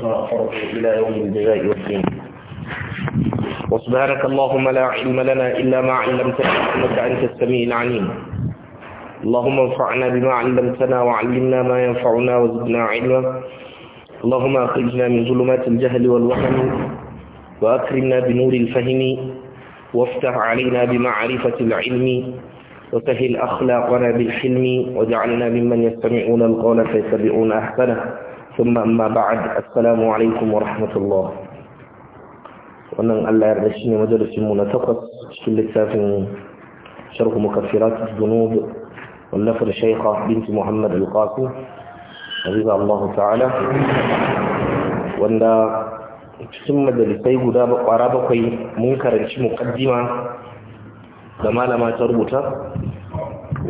ثم إلى يوم الجزاء والدين وسبحانك اللهم لا علم لنا إلا ما علمتنا إنك أنت السميع العليم اللهم انفعنا بما علمتنا وعلمنا ما ينفعنا وزدنا علما اللهم أخرجنا من ظلمات الجهل والوهم وأكرمنا بنور الفهم وافتح علينا بمعرفة العلم وسهل أخلاقنا بالحلم وجعلنا ممن يستمعون القول فيتبعون أحسنه ثم أما بعد السلام عليكم ورحمة الله wannan Allah ya shi ne majalisinmu na takwas cikin littafin sharhu mukaffirat dhunub wallafar shaykha binti Muhammad al-Qasim Aziza Allah ta'ala wanda cikin majalisai guda kwara bakwai mun karanci muqaddima da malama ta rubuta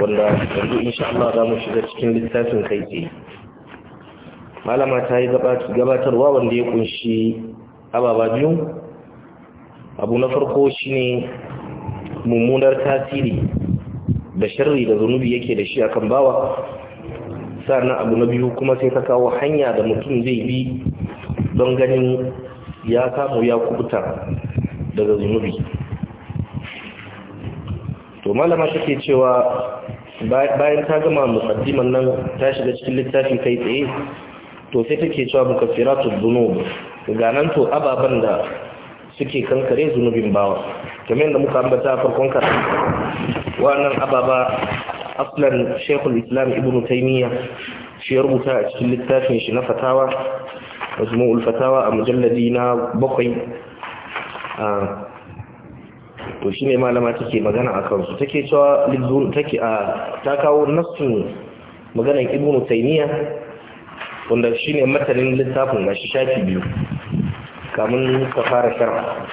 wanda yanzu insha Allah za mu shiga cikin littafin kai tsaye malama ta yi gabatarwa wanda ya kunshi ababa biyu abu na farko shi ne mummunar tasiri da sharri da zunubi yake da shi akan bawa na abu na biyu kuma sai ta kawo hanya da mutum zai bi don ganin ya samu ya kubuta daga zunubi to malama take cewa bayan ta gama musaddiman nan ta shiga cikin littafi kai tsaye to sai take cewa mukaffiratul dhunub ga nan to ababan da suke kankare zunubin bawa kamar yadda muka ambata farkon karatu wannan ababa aslan shaykhul islam ibn taymiya shi ya rubuta a cikin littafin shi na fatawa majmu'ul fatawa a mujalladi na bakwai to shine malama take magana akan su take cewa take ta kawo nassin maganar ibn taymiya wanda shi ne matanin littafin gashi shafi biyu kamun ka fara sharha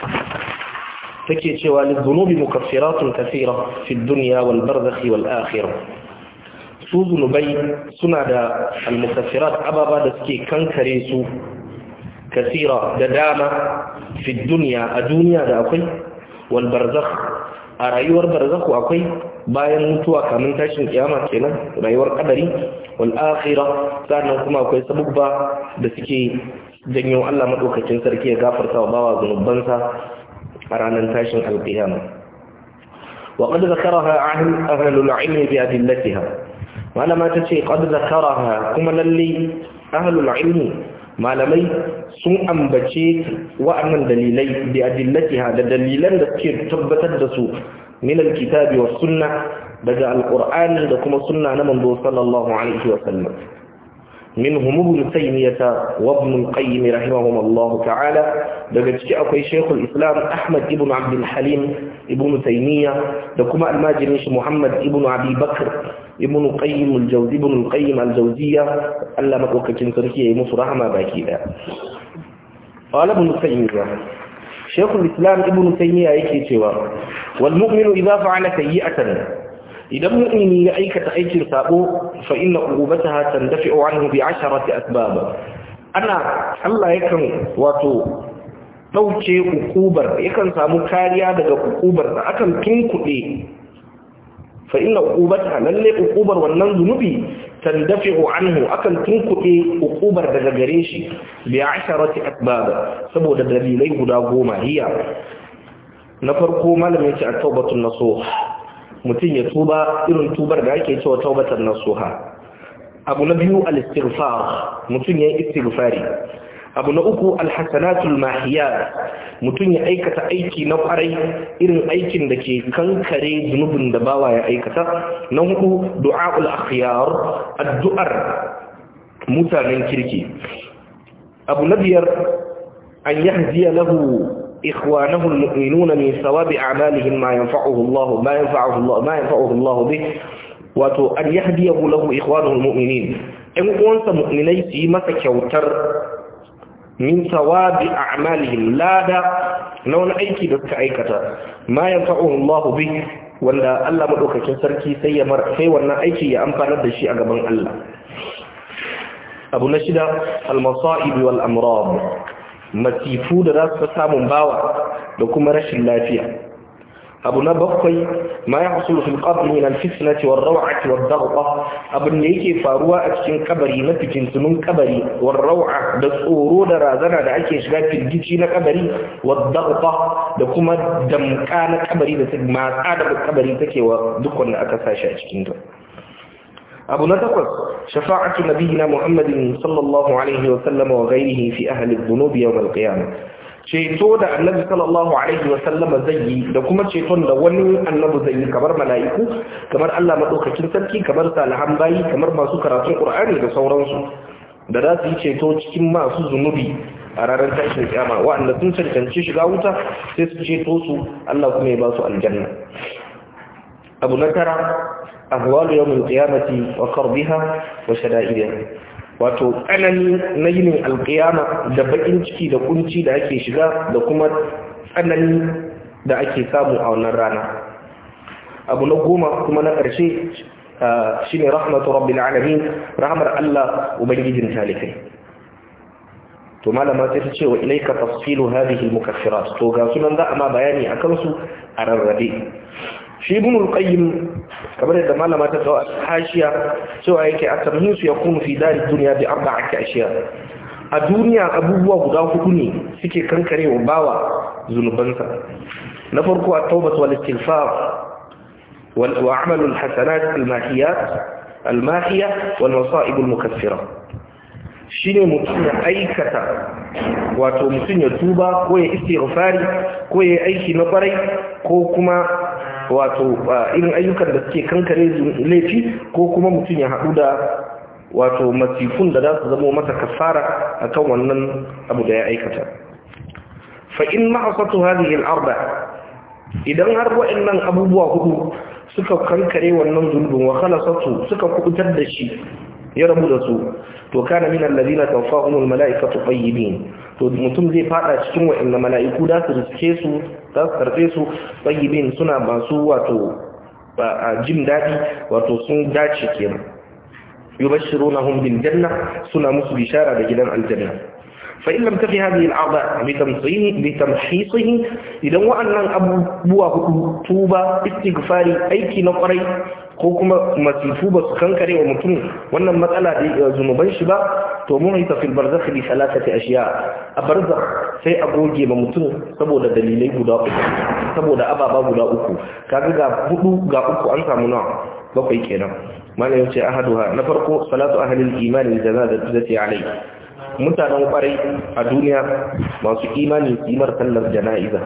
take cewa zunubi mukaffiratun kathira fi dunya wal barzakh wal akhirah su zunubai suna da al-mukaffirat ababa da suke kankare su kasira da dama fi a duniya da akwai wal barzakh a rayuwar barzakh akwai bayan mutuwa kamun tashin kiyama kenan rayuwar kadari wal akhirah sannan kuma akwai sabubba da suke janyo Allah madaukakin sarki ya gafarta wa bawa zanubansa a ranar tashin alkiyama wa qad zakaraha ahlul ilmi bi adillatiha malama tace qad zakaraha kuma lalle ahlul ilmi malamai sun ambace wa'annan dalilai bi adillatiha da dalilan da suke tabbatar da su min alkitabi was sunna daga alqur'ani da kuma sunna na manzo sallallahu alaihi wa sallam منهم ابن تيمية وابن القيم رحمهم الله تعالى دقتك أكوي شيخ الإسلام أحمد ابن عبد الحليم ابن تيمية دكما الماجريش محمد ابن أبي بكر ابن القيم الجوز ابن القيم الجوزية ألا مكوكة تركيا مصر رحمة باكيدا قال ابن تيمية shekul islam ibn taymiya yake cewa wal mu'minu idza fa'ala sayyi'atan idan mu'mini ya aikata aikin sabo fa inna uqubataha tandafi'u anhu bi 'asharati asbab ana Allah yakan wato dauke hukubar yakan samu kariya daga hukubar da akan tunkuɗe fa inna uqubata lalle uqubar wannan zunubi tandafi'u anhu akan tunkuɗe uqubar daga gare shi bi asharati asbab saboda dalilai guda goma hiya na farko malamin ce at-taubatun nasuha mutum ya tuba irin tubar da ake cewa taubatan nasuha abu na biyu a istighfar mutum ya istirfari. abu na uku alhassanatul mahiya mutum ya aikata aiki na kwarai irin aikin da ke kankare zunubin da bawa ya aikata na hudu du'a'ul akhyar addu'ar mutanen kirki abu na biyar an yahdiya lahu ikhwanahu almu'minuna min sawabi a'malihim ma yanfa'uhu wato an yahdiyahu lahu ikhwanuhu almu'minin in uwansa mu'minai su yi masa kyautar min sawabi a'malihim lada na wani aiki da suka aikata ma yanfa'uhu Allahu bi wanda Allah maɗaukakin sarki sai ya sai wannan aiki ya amfanar da shi a gaban Allah abu na shida almasa'ibi masaib wal masifu da za su samun bawa da kuma rashin lafiya abu na bakwai ma ya hasulu fil qabr min al fitnati war raw'ati wad daghqa abin da yake faruwa a cikin kabari na fitintunun kabari war raw'a da tsoro da razana da ake shiga firgici na kabari wa daghqa da kuma damka na kabari da matsa da kabari take wa duk wanda aka sashi a cikin ta abu na takwas shafa'atu nabiyina muhammadin sallallahu alaihi wa sallam wa ghairihi fi ahli adh-dhunub yawm al ceto da annabi sallallahu alaihi wa zai yi da kuma ceton da wani annabi zai yi kamar mala'iku kamar Allah madaukakin sarki kamar salihan bayi kamar masu karatun Qur'ani da sauransu da za su yi ceto cikin masu zunubi a ranar tashin kiyama waɗanda sun cancanci shiga wuta sai su ceto su Allah kuma ya ba su aljanna abu na tara ahwalu yawmil qiyamati wa qarbiha wa shada'idiha wato tsanani na yinin alkiyama da bakin ciki da kunci da ake shiga da kuma tsanani da ake samu a wannan rana abu na goma kuma na ƙarshe shi ne rahmatu rabbil alamin rahmar Allah ubangijin talikai to malama sai ta ce wa ilaika tafsilu hadhihi al-mukaffirat to ga sunan za a ma bayani a kansu a rarrabe shi ibn al-qayyim kamar yadda malama ta kawo hashiya cewa yake at-tamhis yakunu fi dar duniya dunya bi arba'ati ashiya a duniya abubuwa guda hudu ne suke kankare wa bawa zunubansa na farko at-tawbah wal istighfar wal a'mal al-hasanat al-mahiyat al-mahiyah wal masa'ib al-mukaffira shine mutum ya aikata wato mutum ya tuba ko ya istighfari ko ya aiki na kwarai ko kuma wato irin ayyukan da suke kankare laifi ko kuma mutum ya haɗu da wato masifun da za su zama masa kasara akan wannan abu da ya aikata fa ma'asatu hali al-arba idan har wa'annan abubuwa hudu suka kankare wannan zunubin wa halasatu suka kubutar da shi ya rabu da su to kana min allazina tawfa'umul malaikatu tayyibin to mutum zai fada cikin wa'annan mala'iku da su riske su da su karbe su tayyibin suna masu wato jin dadi wato sun dace kenan yubashshirunahum bil janna suna musu bishara da gidan aljanna tafi فإن لم تفي هذه الأعضاء بتمحيصه بتمحيصه إذا وأن أبو بوا توبة aiki na kwarai. ko kuma masifu ba su kankare wa mutum wannan matsala da ya eh, zunuban shi ba to mun yi tafil barzakh li salatati ashiya a barzakh sai a goge ma mutum saboda dalilai guda uku saboda ababa guda uku kaga ga hudu ga uku an samu nawa bakwai kenan malai yace ahaduha na farko salatu al iman janazatu zati alai mutanen kwarai a duniya masu imani kimar sallar jana'iza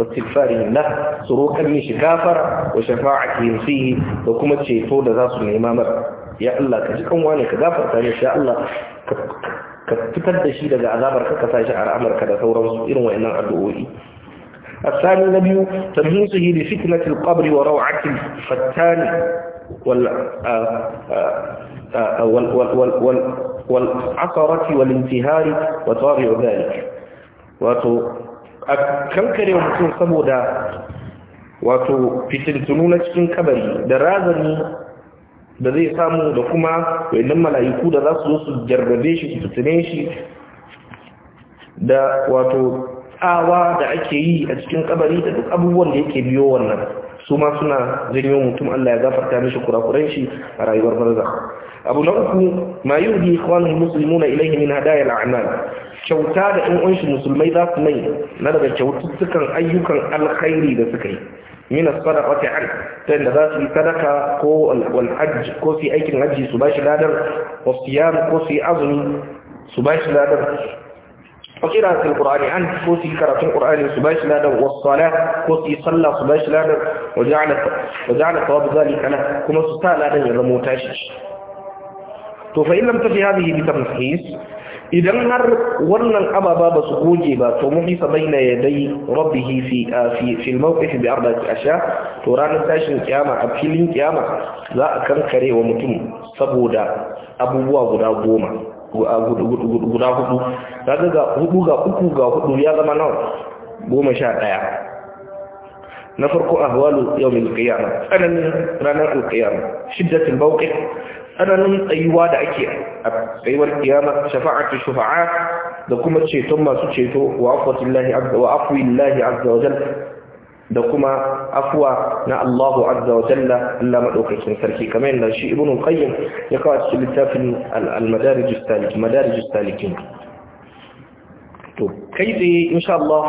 واستغفارهم له سروكا من كافر وشفاعتهم فيه وكما تشيطو ده ذاسو الإمام يا الله كجكم وانا كذافر ثاني شاء الله ka fitar da shi على عمر كذا kasa shi a ra'amarka الثاني نبي تمييزه لفتنة القبر وروعة الفتان وال آه، آه، آه، وال وال وال والعقرة والانتهار وطابع ذلك وتو a kankare mutum saboda wato fitintunu na cikin kabari da razani da zai samu da kuma wadannan mala'iku da za su zo su jarrabe shi su fitine shi da wato tsawa da ake yi a cikin kabari da duk abubuwan da yake biyo wannan su ma suna janyo mutum Allah ya zafarta mishi kurakuran shi a rayuwar barza abu na uku ma yurdi ikhwanul muslimuna ilayhi min hadaya al-a'mal kyauta da ɗan uwanshi musulmai za su mai na daga kyaututtukan ayyukan alkhairi da suka yi min as-sadaqati an ta inda za su yi sadaka ko wal hajj ko su yi aikin hajji su bashi ladar wa siyam ko su yi azumi su bashi ladar wa qira'at al-qur'ani an ko su yi karatun qur'ani su bashi ladar wa salat ko su yi sallah su bashi ladar wa ja'ala wa ja'ala thawab zalika la kuma su ta ladan ya zama tashi to fa in lam tafi hadhihi bi tamhis idan har wannan ababa ba su goge ba to na ya yadai rabbi fi fi fi mawqif bi arba'ati asha to ranar tashin kiyama a filin kiyama za a kankare wa mutum saboda abubuwa guda goma guda hudu daga ga hudu ga uku ga hudu ya zama nawa goma sha daya na farko ahwalu yawmin qiyamah tsananin ranar alqiyama shiddatul mawqif tsananin tsayuwa da ake a tsayuwar kiyama shafa'atu shafa'a da kuma ceton masu ceto wa afwatillahi azza wa da kuma afuwa na Allahu azza wa jalla Allah sarki kamar yadda shi ibnu qayyim ya kawo cikin littafin al-madarij as-salik to kai tsaye insha Allah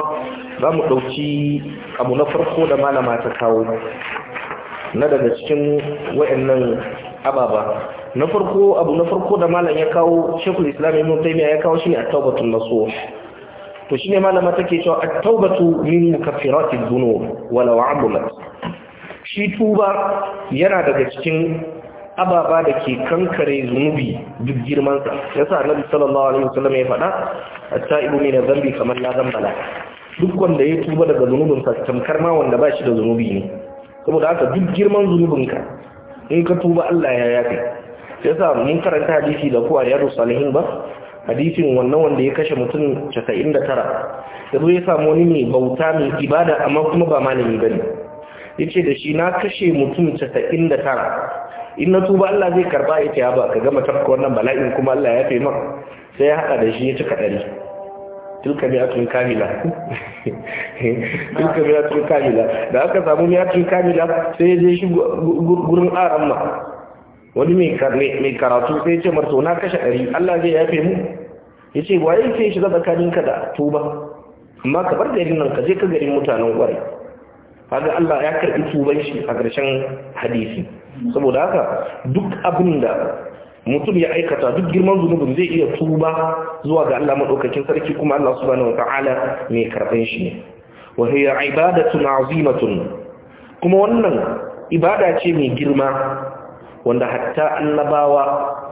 za mu ɗauki abu na farko da malama ta kawo na daga cikin wayannan ababa na farko abu na farko da malam ya kawo shekul islam ibn taymiya ya kawo shine at-taubatun nasuh to shine malama take cewa at-taubatu min mukaffiratid dhunub walau abulat shi tuba yana daga cikin ababa da ke kankare zunubi duk girmansa ya sa annabi sallallahu alaihi wasallam ya faɗa at-taibu min dhanbi kamar la dhanba duk wanda ya tuba daga zunubinsa tamkar ma wanda ba shi da zunubi ne saboda haka duk girman zunubinka in ka tuba Allah ya yafe sa mun karanta hadisi da ku a yaro salihin ba hadisin wannan wanda ya kashe mutum 99 yazo ya samu wani mai bauta mai ibada amma kuma ba malami bane yace da shi na kashe mutum 99 in na tuba Allah zai karba yace ba ka gama tafka wannan bala'in kuma Allah ya yafe maka sai ya hada da shi ya cika ɗari. tilka mi'atun kamila tilka kamila da aka samu mi'atun kamila sai ya je shi gurin aran ma wani mai karatu sai ya ce marto na kashe ɗari Allah zai yafe mu ya ce waye zaba shiga ka da tuba amma ka bar garin nan ka je ka garin mutanen kwarai haka Allah ya karɓi tuban shi a karshen hadisi saboda haka duk abin da mutum ya aikata duk girman zunubin zai iya tuba zuwa ga Allah madaukakin sarki kuma Allah subhanahu wataala mai karban shi ne wa hiya ibadatun azimatun kuma wannan ibada ce mai girma wanda hatta annabawa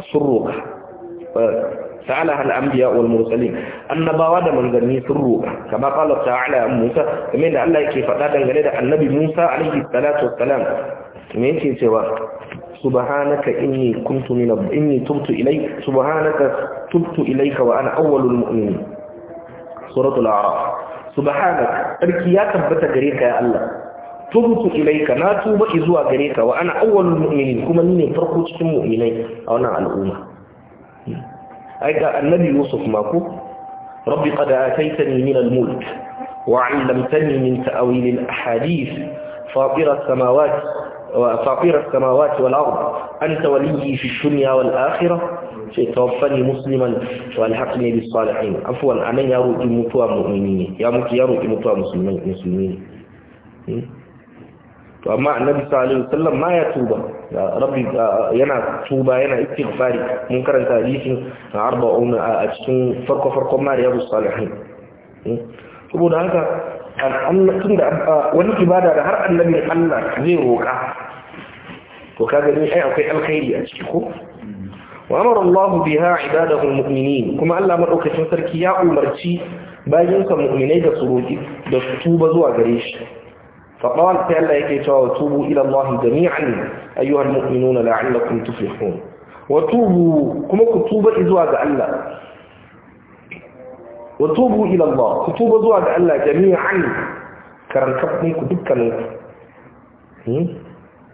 sun roka ta'ala hal anbiya wal mursalin annabawa da manzanni sun roka kama qala ta'ala Musa kuma da Allah yake faɗa dangane da annabi Musa alaihi salatu wassalam me yake cewa سبحانك إني كنت من إني تبت إليك سبحانك تبت إليك وأنا أول المؤمنين سورة الأعراف سبحانك أركي يا تبت جريك يا الله تبت إليك لا توب إزوا جريك وأنا أول المؤمنين كما إني تركت المؤمنين مؤمنين أنا على الأمة أيضا النبي يوسف ماكو ربي قد آتيتني من الملك وعلمتني من تأويل الأحاديث فاطر السماوات وفاطر السماوات والأرض أنت ولي في الدنيا والآخرة توفني مسلما والحقني بالصالحين عفوا أمن يرؤي متوى المؤمنين يا مكي يرؤي متوى المسلمين وما النبي صلى الله عليه وسلم ما يتوبى ربي آه، ينا توبى ينا اتغفار منكر تاريخ عرب أون آه، أجسون فرق فرق ما رياض الصالحين ثم هذا آه، أن أن تند وأن تبادر هر أن لم يحل زيروك to kaga ni ai akwai alkhairi a ciki ko wa amara Allah biha ibadahu almu'minin kuma Allah madaukakin sarki ya umarci bayin sa mu'minai da suruki da su tuba zuwa gare shi fa qala ta Allah yake cewa tubu ila Allah jami'an ayyuha almu'minuna la'allakum tuflihun wa tubu kuma ku tuba zuwa ga Allah wa tubu ila Allah ku tuba zuwa ga Allah jami'an karantabni ku dukkaninku hmm?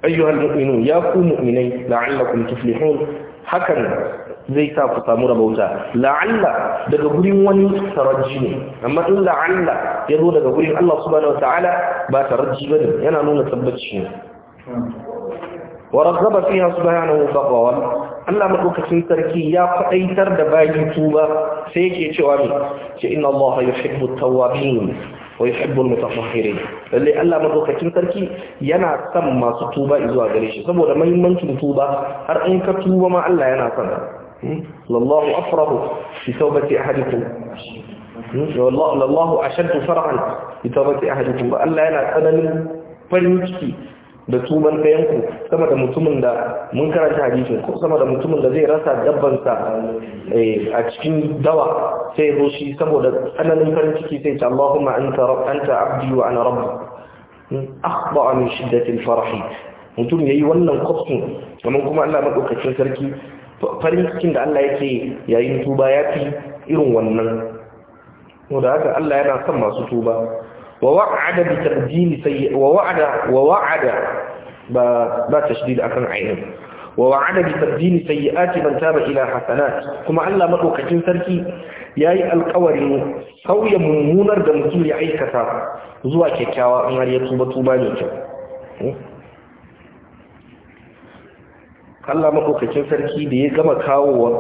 ayyuhal mu'minun ya ku mu'minai la'allakum tuflihun hakan zai sa ku samu rabauta la'alla daga gurin wani taraji ne amma in la'alla ya zo daga gurin Allah subhanahu wata'ala ba taraji ne. yana nuna tabbaci ne wa razzaba fiha subhanahu faqawal Allah madaukakin sarki ya faɗaitar da bayi tuba sai yake cewa ne ce ina Allah yuhibbu tawwabin wa yuhibbul mutatahhirin lalle Allah madaukakin sarki yana san masu tuba zuwa gare shi saboda muhimmancin tuba har an ka tuba ma Allah yana san. lallahu hmm? afrahu fi tawbati ahadikum hmm? wallahu lallahu ashaddu farahan fi tawbati ahadikum Allah yana tsananin farin ciki da tuban ɗayan ku sama da mutumin da mun karanta hadisin ko sama da mutumin da zai rasa dabbansa eh, a cikin dawa sai zo shi saboda tsananin farin ciki sai ta Allahumma anta anta abdi wa ana rabbi hmm, akhba min shiddati al-farah mutum yayi wannan kofin kuma kuma Allah madaukakin sarki farin cikin da Allah yake yayin tuba ya fi irin wannan wanda haka Allah yana son masu tuba ووعد بتقديم سيء ووعد ووعد با, با تشديد اكن عين ووعد بتقديم سيئات من تاب الى حسنات كما الله yayi alƙawari sauye mummunar da mutum ya aikata zuwa kyakkyawa in har ya tuba tuba ne kyau hmm? Allah makokacin sarki da ya gama kawowa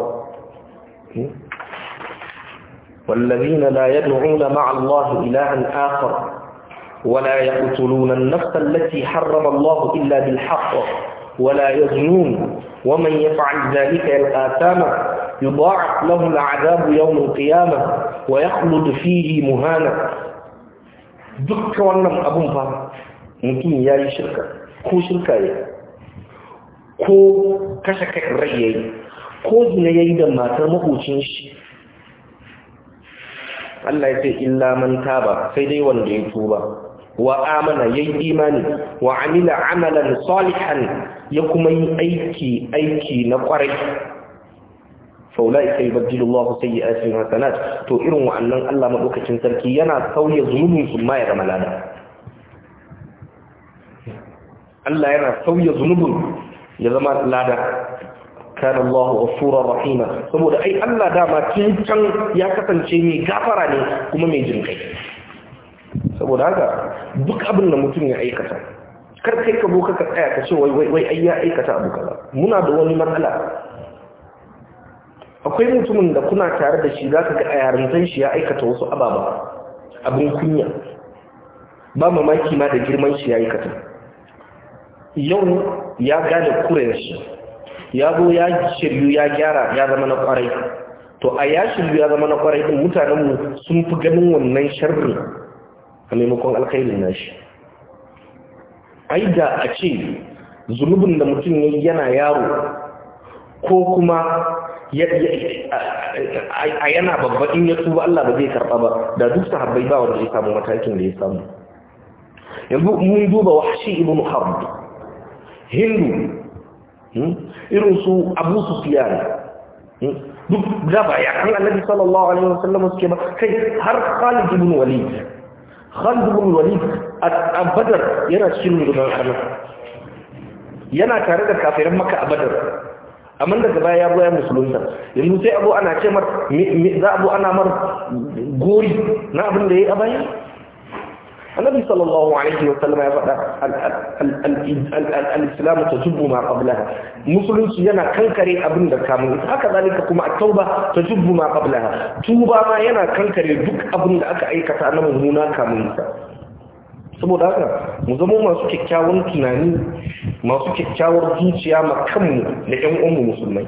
hmm? wallazina la yad'una ma'a Allah ilahan akhar ولا يقتلون النفس التي حرم الله إلا بالحق ولا يزنون ومن يفعل ذلك يلقى ثاما يضاعف له العذاب يوم القيامة ويخلد فيه مهانا دك وانا أبو فا ممكن يا شركة كو شركة يا كو كشك رأيي كو زنا يدا ما ترمقوشنش Allah ya ce illa man taba sai dai wanda ya tuba wa amana yayi imani wa amila amalan salihan ya kuma yi aiki aiki na kwarai faulai sai bajilu Allah hasanat to irin wa'annan Allah madaukakin sarki yana sauya zunubin su ma ya Allah yana sauya zunubin ya zama lada kana Allah ghafurur rahima saboda ai Allah dama tun can ya kasance mai gafara ne kuma mai jinkai saboda haka duk abin da mutum ya aikata kar kai ka boka ka tsaya ka ce wai wai ai ya aikata abu kaza muna da wani matsala akwai mutumin da kuna tare da shi zaka ga a yarintan shi ya aikata wasu ababa abin kunya ba mamaki ma da girman shi ya aikata yau ya gane kuren shi ya zo ya shirya ya gyara ya zama na kwarai to a ya shirya ya zama na kwarai din mutanenmu sun fi ganin wannan sharri a alkhairin nashi ai da a ce zunubin da mutum ya yana yaro ko kuma a yana babba in ya tuba Allah ba zai karɓa ba da duk sahabbai ba wanda ya samu matakin da ya samu yanzu mun duba washe ibn harb hindu hmm, irin su abu sufyan hmm, duk da ba ya kan annabi sallallahu alaihi wasallam suke ba kai har khalid ibn walid khalid walid a badar yana cikin rundunar khalid yana tare da kafiran maka a badar amma daga baya ya goya musulunta yanzu sai abu ana ce mar za abu ana mar gori na abin da ya yi a baya annabi sallallahu alaihi wasallam ya faɗa al-islam tajubbu ma qablaha musulunci yana kankare abin da kamun haka zalika kuma at-tauba tajubbu ma qablaha tuba ma yana kankare duk abinda aka aikata na mummuna kamun saboda haka mu zama masu kyakkyawan tunani masu kyakkyawar zuciya ma kanmu da ƴan uwanmu musulmai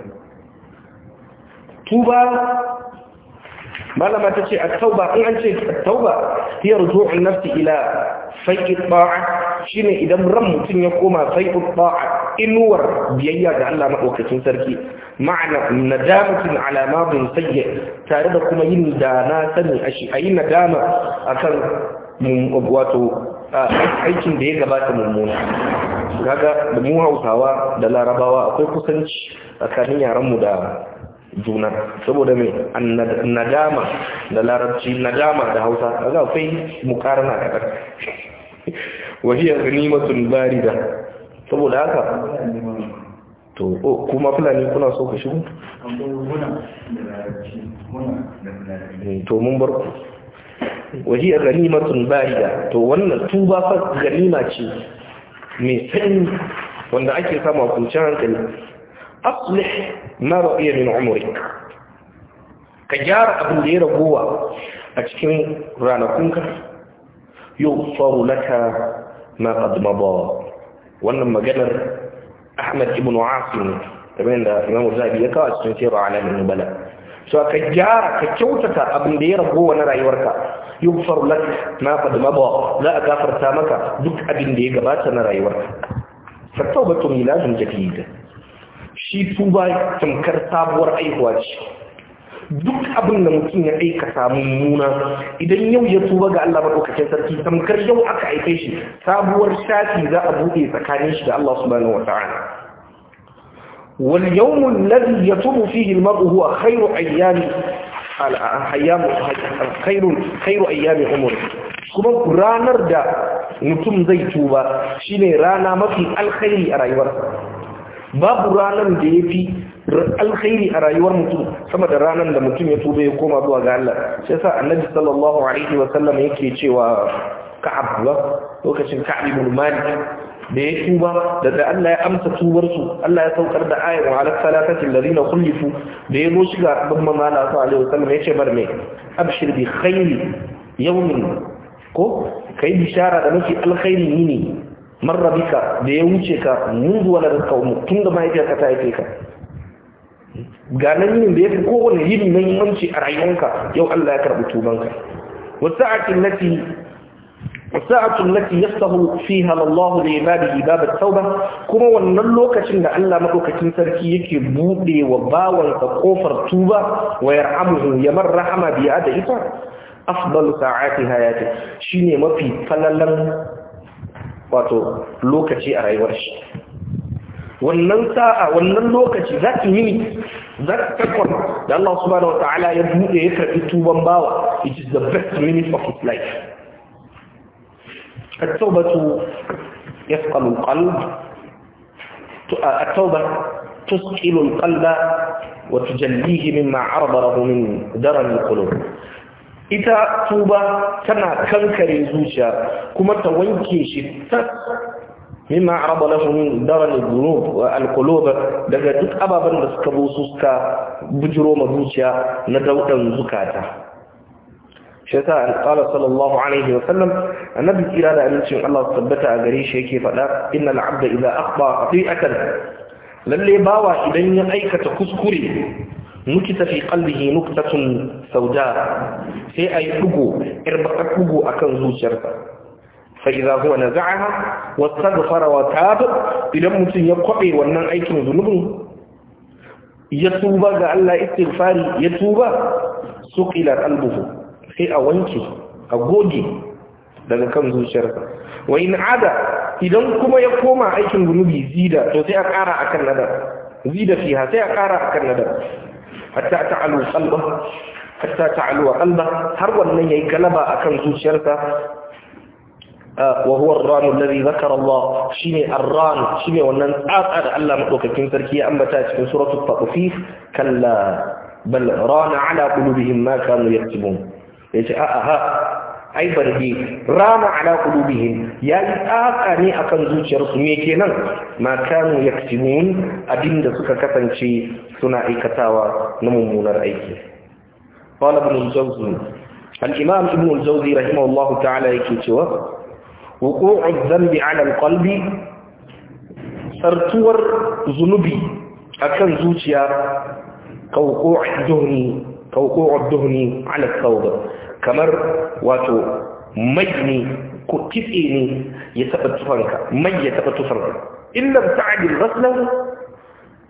tuba malama ta ce a tauba in an ce tauba hiya ruju'un nafsi ila sai'id ta'a shine idan ran mutum ya koma sai'id ta'a inuwar biyayya ga Allah madaukakin sarki ma'ana nadamatin ala madin sayyi tare da kuma yin dana sani a shi ayi nadama akan wato aikin da ya gabata mummuna kaga da mu hausawa da larabawa akwai kusanci tsakanin mu da juna saboda mai nadama da larabci nadama da hausa a kaga akwai mukarana kaɗan wahiyar ganimatun barida saboda haka to kuma fulani kuna so ka shigo? Eh, to mun bar ku wahiyar ganimatun barida to wannan tuba fa ganima ce mai sanyi wanda ake sama kuncin hankali aslih ma baqiya min umrik ka gyara abin da ya ragowa a cikin ranakunka yau faru laka ma qad wannan maganar Ahmad ibn Asim kamar da Imam Zabi ya kawo cikin sirra alamin nubala so ka gyara ka kyautata abin da ya ragowa na rayuwarka yughfar lak ma qad mada za a gafarta maka duk abin da ya gabata na rayuwarka shi tuba tamkar sabuwar aihuwa ce duk abin da mutum ya aikata mummuna idan yau ya tuba ga Allah maɗaukakin sarki tamkar yau aka aike shi sabuwar shafi za a buɗe tsakanin shi da Allah subhanahu wa ta'ala wal yawmul ladhi yatubu fihi al-mar'u huwa khayru ayyami al-ayyam khayru khayru ayyami umri kuma ranar da mutum zai tuba shine rana mafi alkhairi a rayuwarsa babu ranar da ya fi alkhairi a rayuwar mutum sama da ranar da mutum ya tuba ya koma zuwa ga Allah shi yasa annabi sallallahu alaihi wa sallam yake cewa ka'ab ba lokacin ka'ab ibn malik da ya tuba da da Allah ya amsa tubar su Allah ya saukar da ayat wa ala salatati alladhina khulifu da ya roshi ga babban manala sallallahu alaihi wa sallam yace bar me abshir bi khairi yawmin ko kai bishara da nake alkhairi ni ne marrabika da ya wuce ka mundu wani rizka umu tun da mahaifiyarka ta haife ka ga nan yin da ya fi kowane yin muhimmanci a rayuwanka yau Allah ya karɓi tubanka wasa'atin lati wasa'atun lati yastahu fiha Allah li da bab at-tauba kuma wannan lokacin da Allah madaukakin sarki yake buɗe wa bawansa kofar tuba wa yarhamuhu ya rahama biya da ita afdalu sa'ati hayati shine mafi falalan wato lokaci a rayuwar shi wannan sa'a wannan lokaci za ki yi za ki takwas da Allah subhanahu wata'ala ya buɗe ya karɓi tuban bawa it is the best minute of his life at-taubatu yasqalu al-qalb at-tauba tusqilu al-qalba wa tujallihi mimma aradahu min darar al-qulub ita tuba tana kankare zuciya kuma ta wanke shi tas mimma araba lahum daral dhunub wa alqulub daga duk ababan da suka bo su suka bujiro ma zuciya na daudan zukata Shata yasa sallallahu alaihi wa sallam annabi kira da amincin Allah tabbata a gare shi yake fada innal abda idza akhta qati'atan lalle bawa idan ya aikata kuskure nukita fi qalbihi nuqtatun sauda sai ayi dugo irbaka dugo akan zuciyarsa fa idza huwa naza'aha wastaghfara wa tab idan mutum ya kwabe wannan aikin zunubin ya tuba ga Allah istighfari ya tuba suqila qalbuhu sai a wanke a goge daga kan zuciyarsa wa in ada idan kuma ya koma aikin zunubi zida to sai a ƙara akan nadar zida fiha sai a ƙara akan nadar hatta ta'alu qalba hatta ta'alu har wannan yayi galaba akan zuciyarsa ah, wa huwa ar-ran alladhi dhakara Allah shine ar-ran shine wannan tsatsa da Allah madaukakin sarki ya ambata cikin suratul taqfif kalla bal rana ala qulubihim ma kanu yaktubun yace a'a ai barbe rama ala qulubihim ya yi tsaka ne akan zuciyarsu me kenan ma kanu yaksibun abinda suka kasance suna aikatawa na mummunar aiki qala ibn al-jawzi al-imam ibn al-jawzi rahimahullahu ta'ala yake cewa wuqu'u dhanbi ala al-qalbi sartuwar zunubi akan zuciya kawqu'u duhni kawqu'u duhni ala al kamar wato mai ne ko kitse ne ya taɓa tufanka mai ya taɓa tufanka illam ta'adil ghaslan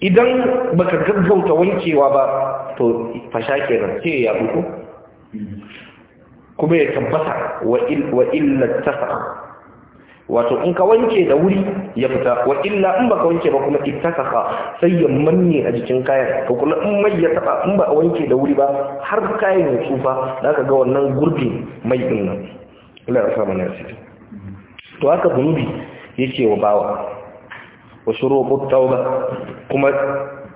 idan baka gaggauta wankewa ba to fasha kenan sai ya buku kuma ya tabbata wa illa tafa wato in ka wanke da wuri ya fita wa illa in baka wanke ba kuma ittasaka sai ya manne a jikin kayan ka kula in mai ya taba in ba wanke da wuri ba har kayan ya tsufa zaka ga wannan gurbin mai din nan Allah ya samu nasi to haka zunubi yake wa bawa wa shurubut tauba kuma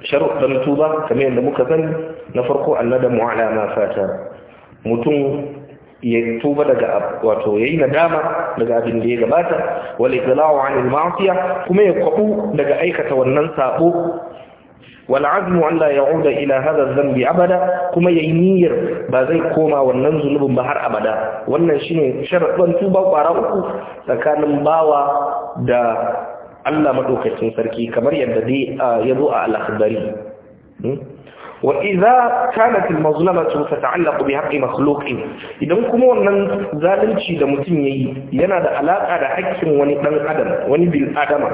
sharuɗan tuba kamar yadda muka sani na farko annadamu ala ma fata mutum ya tuba daga wato yayi nadama daga abin da ya gabata wal iqla'u 'anil ma'siyah kuma ya kwabu daga aikata wannan sabo wal 'azmu an la ya'uda ila hadha adh-dhanbi abada kuma yayi niyyar ba zai koma wannan zulubin ba har abada wannan shine sharadin tuba kwara uku tsakanin bawa da Allah madaukakin sarki kamar yadda dai ya zo a al-akhbari hmm? وإذا كانت المظلمة تتعلق بحق مخلوق idan kuma wannan zalunci da mutum yayi yana da alaka da hakkin wani dan adam wani bil adama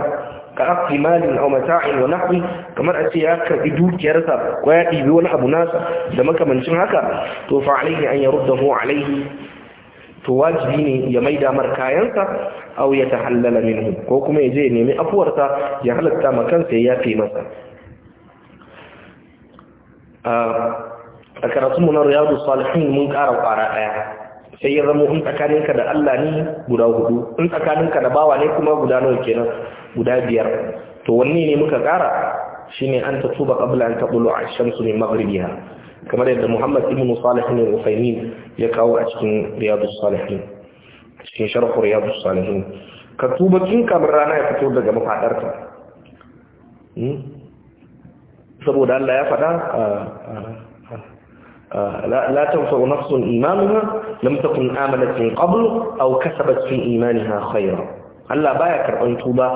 ka haqqi malin aw mata'in wa nahwi kamar a ce ya karbi dukiyarsa ko ya ɗibi wani abu nasa da makamancin haka to fa alaihi an yaruddahu Alayhi, to wajibi ne ya maida mar kayansa aw ya tahallala minhu ko kuma ya je ya nemi afuwarsa ya halatta ma kansa ya yafe masa a mu na riyadu salihin mun ƙara fara ɗaya sai ya zama in tsakaninka da Allah ne guda hudu in tsakaninka da bawa ne kuma guda nawa kenan guda biyar to wanne ne muka ƙara shine an ta tuba qabla an taqulu ash-shamsu min maghribiha kamar yadda Muhammad ibn Salih ibn Uthaymeen ya kawo a cikin riyadu salihin cikin sharh riyadu salihin ka tuba kin kamar rana ya fito daga mafadarta hmm? saboda Allah ya faɗa la تنفع نفس إيمانها lam takun آمنت min qabl aw kasabat fi إيمانها khayra Allah baya karban tuba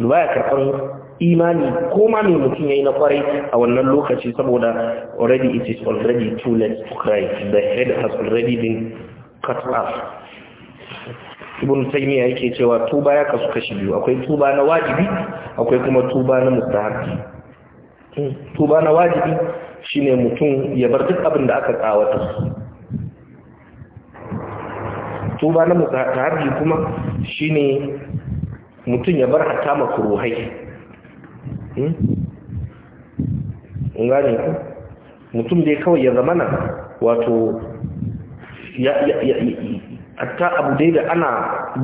baya karban imani ko ma mai mutum yayi na kwarai a wannan lokaci saboda already it is already too late to cry the head has already been cut off ibn taymiya yake cewa tuba ya kasu kashi biyu akwai tuba na wajibi akwai kuma tuba na mustahabi ba na wajibi shine mutum ya bar duk abin da aka to ba na mutaharji kuma shine mutum ya bar hata makruhai in hmm? gane ku mutum dai kawai ya zamana wato hatta abu dai da ana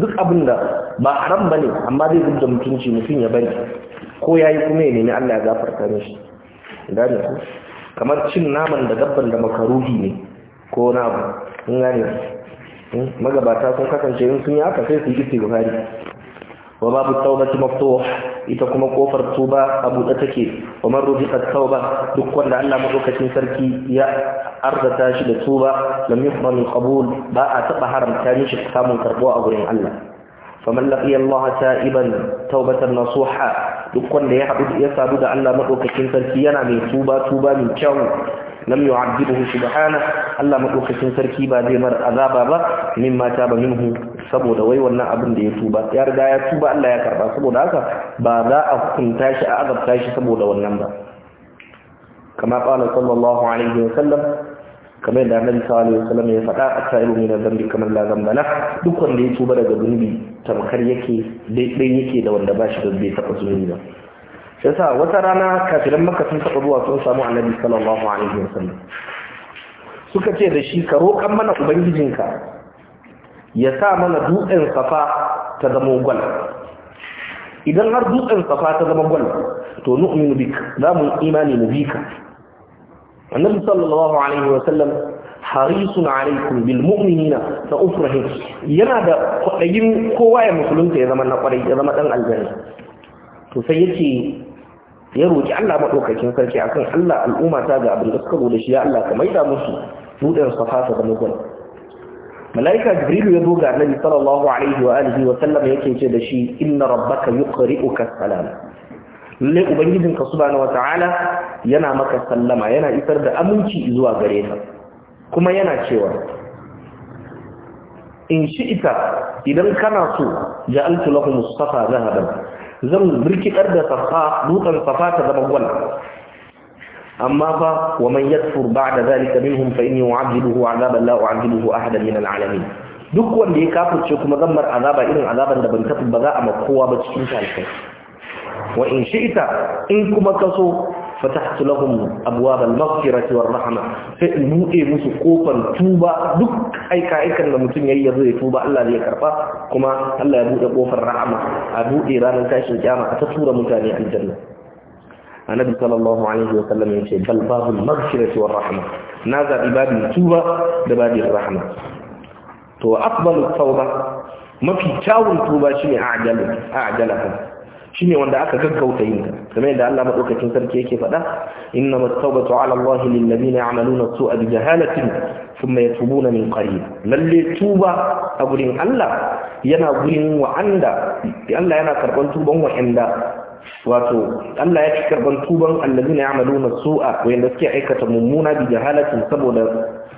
duk abin da ba haram bane amma duk zubda mutunci mutum ya bari ko yayi kuma ya ne Allah ya gafarta mishi gane ku kamar cin naman da dabban da makaruhi ne ko na abu in gane hmm? magabata sun kasance in sun yi haka sai su yi istighfari wa babu taubati maftuh ita kuma kofar tuba a buɗe take wa man rufiqa tauba duk wanda Allah madaukakin sarki ya arzata shi da tuba lam yuhra min qabul ba a taba haramta mishi samun karbuwa a gurin Allah faman laqiya Allah ta'iban taubatan nasuha duk wanda ya haɗu ya sadu da Allah madaukakin sarki yana mai tuba tuba mai kyau lam yu'adhibuhu subhana Allah madaukakin sarki ba zai mar azaba ba mimma ba minhu saboda wai wannan abin da ya tuba ya riga ya tuba Allah ya karba saboda haka ba za a hukunta shi a azabta shi saboda wannan ba kama qala sallallahu alaihi wa sallam kamar da annabi sallallahu alaihi wasallam ya faɗa a sa'ibu min zambi kamar la zamba duk wanda ya tuba daga zunubi tamkar yake dai yake da wanda ba shi da bai taɓa zunubi ba sai sa wata rana kafiran makka sun taɓa zuwa sun samu annabi sallallahu alaihi wasallam suka ce da shi ka roƙan mana ubangijinka ya sa mana dutsen safa ta zama gwal idan har dutsen safa ta zama gwal to nu'minu bik za mu imani mu bika annabi sallallahu alaihi na a harisun alaikum bil mu'minina fa ufrahim yana da kwadayin kowa ya musulunta ya zama na kwarai ya zama dan aljanna to sai yake ya roki Allah madaukakin sarki akan Allah al'umma ta ga abin da suka zo da shi ya Allah ka maida musu dudin safa ta da mugun malaika Jibrilu ya zo ga annabi sallallahu alaihi wa alihi wa sallam yake ce da shi inna rabbaka yuqri'uka salam lalle ubangijinka subhanahu wa ta'ala yana maka sallama yana isar da aminci zuwa gare ka kuma yana cewa in shi ita idan kana so ja'altu lahum safa zahaban zan rikidar da safa dukan safa ta zama gwal amma fa wa man yakfur ba'da zalika minhum fa inni u'adhibuhu 'adaban la u'adhibuhu ahadan min al'alamin duk wanda ya kafirce kuma zan mar azaba irin azaban da ban tafi ba za a ma kowa ba cikin talibai wa in ita in kuma kaso فتحت لهم أبواب المغفرة والرحمة فإنه إيه مسقوفا توبة دك أيكا أيكا لمتن يزي توبة الله ذي كرفا كما الله يبوء يقوف الرحمة أبوء إيران كاش الجامعة تطور متاني عن الجنة النبي صلى الله عليه وسلم يقول بل باب المغفرة والرحمة نازع بباب التوبة بباب الرحمة تو أفضل التوبة ما في تاول توبة شيء أعجل أعجلها ne wanda aka gaggauta yin kamar yadda Allah madaukakin sarki yake faɗa innamat tawbatu ala Allah lil ladina ya'maluna su'a bi jahalatin thumma yatubuna min qarib lalle tuba a gurin Allah yana gurin wa'anda Allah yana karban tuban wa'anda wato Allah ya ci karban tuban alladina ya'maluna su'a wanda suke aikata mummuna bi jahalatin saboda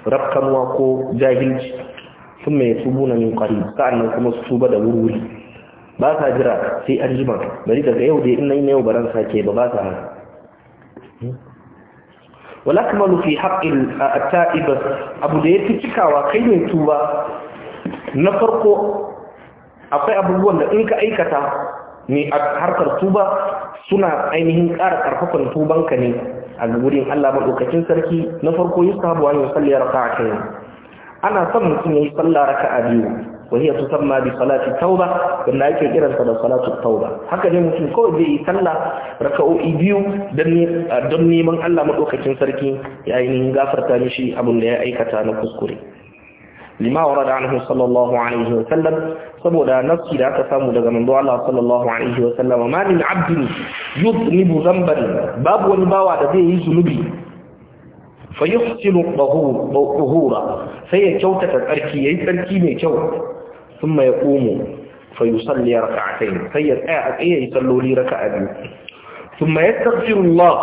rafkanwa ko jahilci thumma yatubuna min qarib sa'annan kuma su tuba da wuri ba sa jira sai an jima bari daga yau da yi na yau baran sake ba ba sa haka wala kamalu fi haqqil at-ta'ib abu da fi cikawa kai ne tuba na farko akwai abubuwan da in ka aikata ne a harkar tuba suna ainihin ƙara ƙarfafan tubanka ne a gurin Allah madaukakin sarki na farko yusabu an yusalli raka'atayn ana son mutum yayi sallah raka'a biyu ya وهي تسمى بصلاة التوبة بما يكي da صلاة التوبة haka ne mutum kawai zai yi sallah raka'o'i biyu don neman Allah madaukakin sarki ya yi gafarta mishi abin ya aikata na kuskure lima warada anhu sallallahu alaihi wa sallam saboda nafsi da aka samu daga manzo Allah sallallahu alaihi wa sallam ma min abdin yudnibu zamban babu wani bawa da zai yi zunubi fa yuhsinu tahura sai ya kyautata tsarki yayi tsarki mai kyau ثم يقوم فيصلي ركعتين فيسعى أي يصلي ركعتين ثم يستغفر الله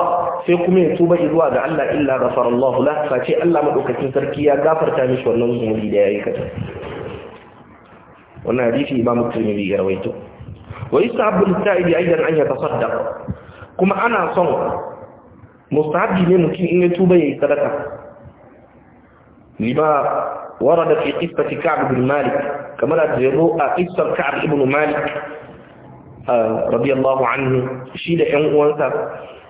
سيقوم يتوب إذوا لعل إلا غفر الله له فشيء ألا مدوكة تركيا غفر تامش ونظم بيديك وانا حديث إمام الترمذي رويته ويستحب للتائب أيضا أن يتصدق كما أنا صنع مستحب لي ممكن أن يتوب يصدق لما ورد في قصة كعب بن مالك كما تجدوا قصة كعب بن مالك رضي الله عنه شيل أنوانسا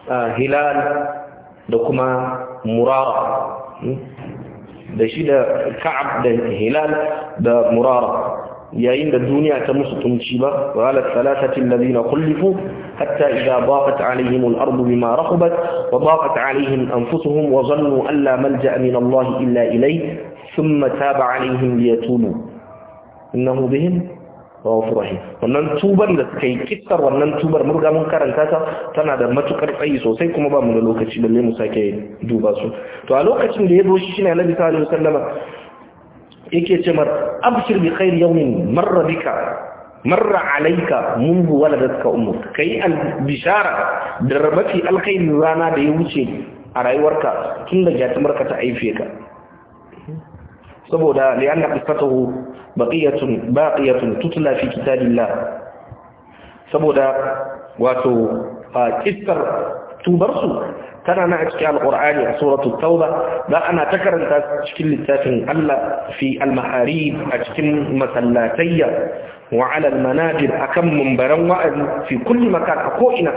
هلال دكما مرارة da shi da ka'ab da hilal da murara yayin da duniya ta musu tunci ba wa ala salatatin ladina kullifu hatta idza daqat alaihim al-ard bima rahabat wa daqat alaihim anfusuhum wa zannu Allah la malja'a min Allah illa ilai ilayh thumma taba alaihim liyatubu innahu bihim ghafur rahim wannan tuban da suka yi kissar wannan tubar mun mun karanta ta tana da matukar tsayi sosai kuma ba mu da lokaci balle mu sake duba su to a lokacin da ya zo shi ne Annabi sallallahu alaihi wasallama yake ce mar abshir bi khair yawmin marra bika marra alayka mundu waladatka ummuk kai al bishara da rabati alkhairin rana da ya wuce a rayuwarka tunda da ta aife ka saboda li'anna qissatuhu baqiyatun baqiyatun tutla fi kitabillah saboda wato kissar tubarsu tana na a cikin alkur'ani a suratul tauba da ana ta karanta cikin littafin Allah fi al-maharib a cikin masallatayya wa ala al-manabir akan mumbaran wa'azi fi kulli makan a ko ina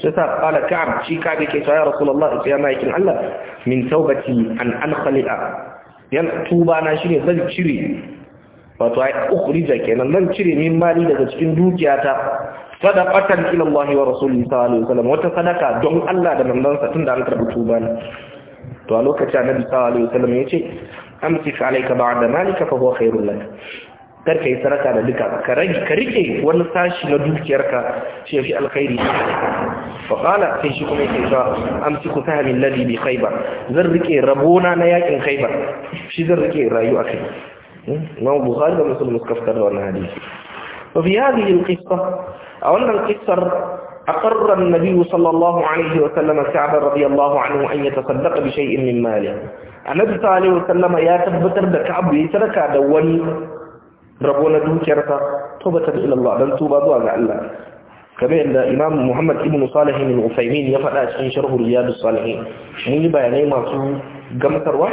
sai ta kala ka'ab shi ka da ke ya rasulullah sai ma Allah min taubati an ankhali'a yan tuba na shine zan cire wato ai ukhrija kenan zan cire min mali daga cikin dukiyata sadaqatan ila Allah wa rasulihi sallallahu alaihi wasallam wata sadaka don Allah da manzansa tunda an karbi tuba ne to a lokacin annabi sallallahu alaihi wasallam yace amsik alayka ba'da malika fa huwa khairul lak kar kai saraka da duka ka rage ka rike wani sashi na dukiyarka shi yafi alkhairi fa qala sai shi kuma yake amsi ku sahmi alladhi bi khaybar zan rike rabona na yakin khaybar shi zan rike rayu akai hmm? Imam Bukhari da Muslim suka fitar da wannan hadisi وفي هذه القصة أولا القصر أقر النبي صلى الله عليه وسلم سعد رضي الله عنه أن يتصدق بشيء من ماله النبي صلى الله عليه وسلم يا تبتر دكعب يترك دول ربنا دو كرتا توبة إلى الله بل توبة دعا لألا كما أن إمام محمد بن صالح من عثيمين يفعل أشعين شره رياض الصالحين شنو يبا يعني ما سوء قمتر وح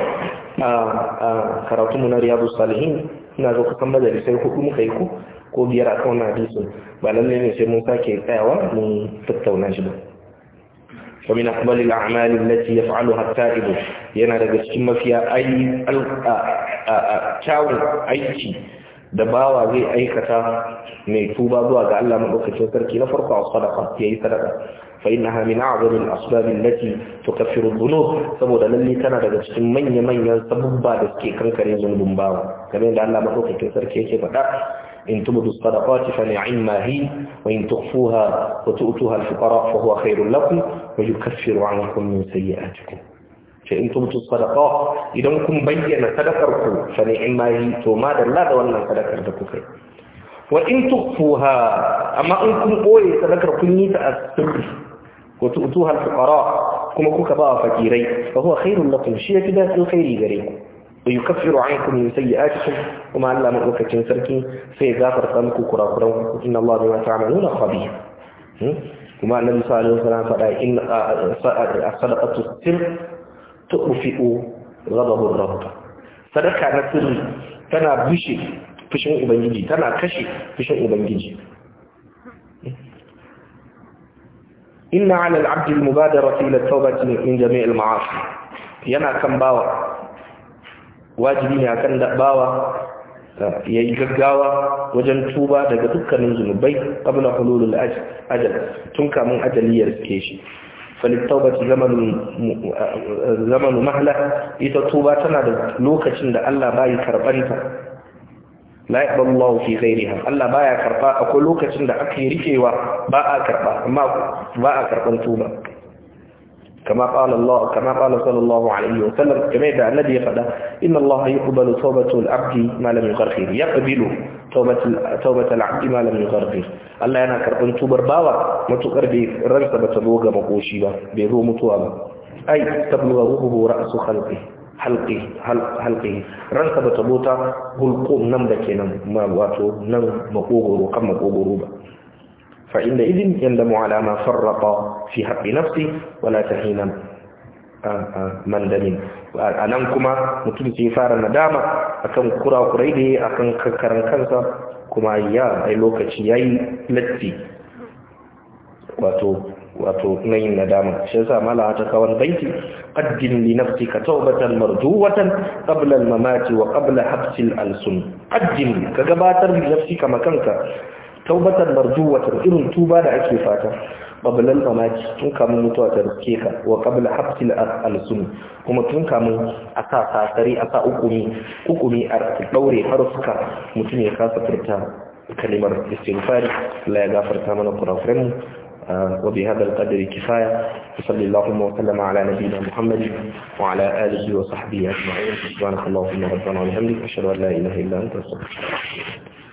آه، آه، كراتمنا رياض الصالحين ناجو كتم سيخوكم كيكو ko biyar a kan hadisin ba lallai ne sai mun sake tsayawa mun tattauna shi ba ومن أقبل الأعمال التي يفعلها التائب yana daga cikin mafiya ai kyawun aiki da bawa zai aikata mai tuba zuwa ga Allah madaukakin sarki na farko a sadaqa yayi sadaqa fa innaha min a'zami al-asbab allati tukaffiru dhunub saboda lalle tana daga cikin manya manyan sabubba da suke kankare zunubin bawa kamar da Allah madaukakin sarki yake faɗa إن تبدوا الصدقات فنعم هي وإن تخفوها وتؤتوها الفقراء فهو خير لكم ويكفر عنكم من سيئاتكم فإن تبدوا الصدقات إذا كن بين صدقركم فنعم هي توما دلا ولا صدقركم خير وإن تخفوها أما أنكم قوي صدقركم نيتا السر وتؤتوها الفقراء كما كوكبا فقيري فهو خير لكم شيء كده الخير غريكم ويكفر عنكم من سيئاتكم وما الله من أوكتين سركي سيغافر سمكو كراكرا إن الله بما تعملون خبير وما النبي صلى الله عليه وسلم قال إن الصدقة السر تؤفئ غضب الرب صدقة السر تنا بشي فشن أبنجي تنا كشي فشن أبنجي إن على العبد المبادرة إلى التوبة من جميع المعاصي ينا كم باور wajibi ne akan da eh, ya yi gaggawa wajen tuba daga dukkanin zunubai qabla hululul ajal tun kamun ajali ya rike shi falittaubati eh, zamanu mahla ita tuba tana da lokacin da Allah bai karbanta la yaqballahu fi ghayriha Allah baya karba akwai lokacin da aka yi rikewa ba a karba amma ba a karban tuba كما قال الله كما قال صلى الله عليه وسلم كما قال النبي قد ان الله يقبل توبه العبد ما لم يغرقه يقبل توبه توبه العبد ما لم يغرقه الله انا كربن توبر باوا ما توكر بي رنسا بتبو غما كوشي با بي رو متوا اي تبلغ روحه راس خلقه حلقه حلقه رنسا بتبوتا قل قوم نم بكينا ما واتو نم مقوغرو كم مقوغرو فعندئذ يندم على ما فرط في حق نفسه ولا تحين mandamin a nan kuma mutum sai fara nadama akan kurakurai da ya akan kankaran kansa kuma ya ai lokaci ya yi latti wato wato na yin nadama shi yasa mala ta kawan baiti qaddin li nafsika tawbatan marduwatan qabla al-mamati wa qabla habsil al-sun qaddin ka gabatar li nafsika makanka taubatar marjuwata irin tuba da ake fata babalan mamaki tun kamun mutuwa ta riske ka wa qabla habsil al-sun kuma tun kamun a sa sasari a sa hukumi hukumi a daure har suka mutum ya kasa furta kalimar istighfar la ya gafarta mana kurakuren وبهذا القدر كفاية وصلى اللهم